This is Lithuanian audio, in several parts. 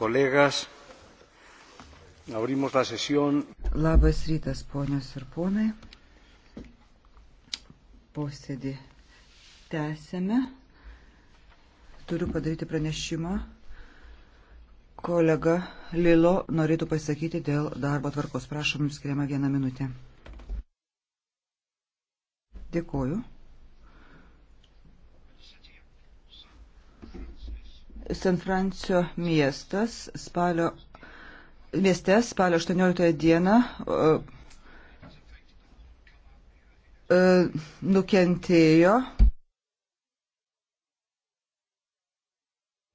colegas. Abrimos la sesión. Labas rytas, ponios ir ponai. Posėdį tęsėme. Turiu padaryti pranešimą. Kolega Lilo norėtų pasakyti dėl darbo tvarkos. Prašom, skiriama vieną minutę. Dėkuoju. San Francio miestas spalio, mieste spalio 18 dieną e, nukentėjo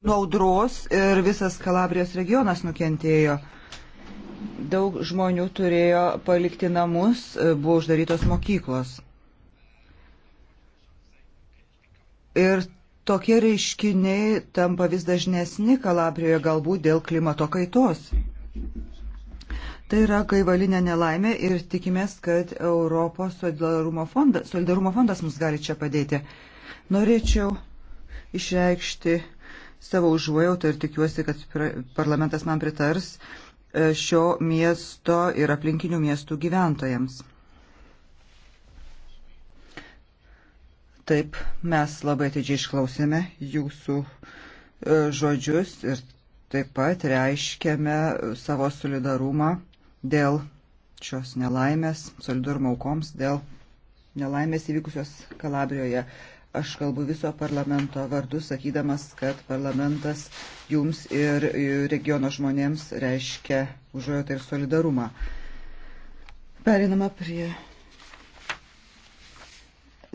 nuo audros ir visas Kalabrijos regionas nukentėjo. Daug žmonių turėjo palikti namus, e, buvo uždarytos mokyklos. Ir Tokie reiškiniai tampa vis dažnesni Kalabrijoje galbūt dėl klimato kaitos. Tai yra gaivalinė nelaimė ir tikimės, kad Europos solidarumo fondas, solidarumo fondas mums gali čia padėti. Norėčiau išreikšti savo užuojautą ir tikiuosi, kad parlamentas man pritars e, šio miesto ir aplinkinių miestų gyventojams. Taip, mes labai atidžiai išklausėme jūsų e, žodžius ir taip pat reiškiame savo solidarumą dėl šios nelaimės, solidarumo aukoms dėl nelaimės įvykusios Kalabrijoje. Aš kalbu viso parlamento vardu, sakydamas, kad parlamentas jums ir regiono žmonėms reiškia užuojotą ir solidarumą. Perinama prie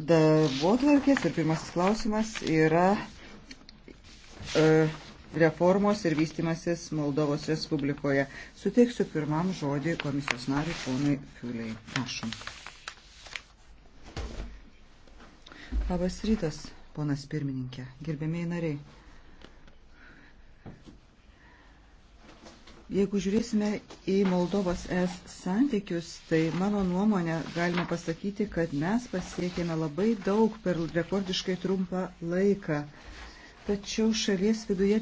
darbo tvarkės ir pirmasis klausimas yra e, reformos ir vystimasis Moldovos Respublikoje. Suteiksiu pirmam žodį komisijos nariui ponui Fiuliai. Prašom. Labas rytas, ponas pirmininkė, gerbėmiai nariai. Jeigu žiūrėsime į Moldovos es santykius, tai mano nuomonė galime pasakyti, kad mes pasiekėme labai daug per rekordiškai trumpą laiką. Tačiau šalies viduje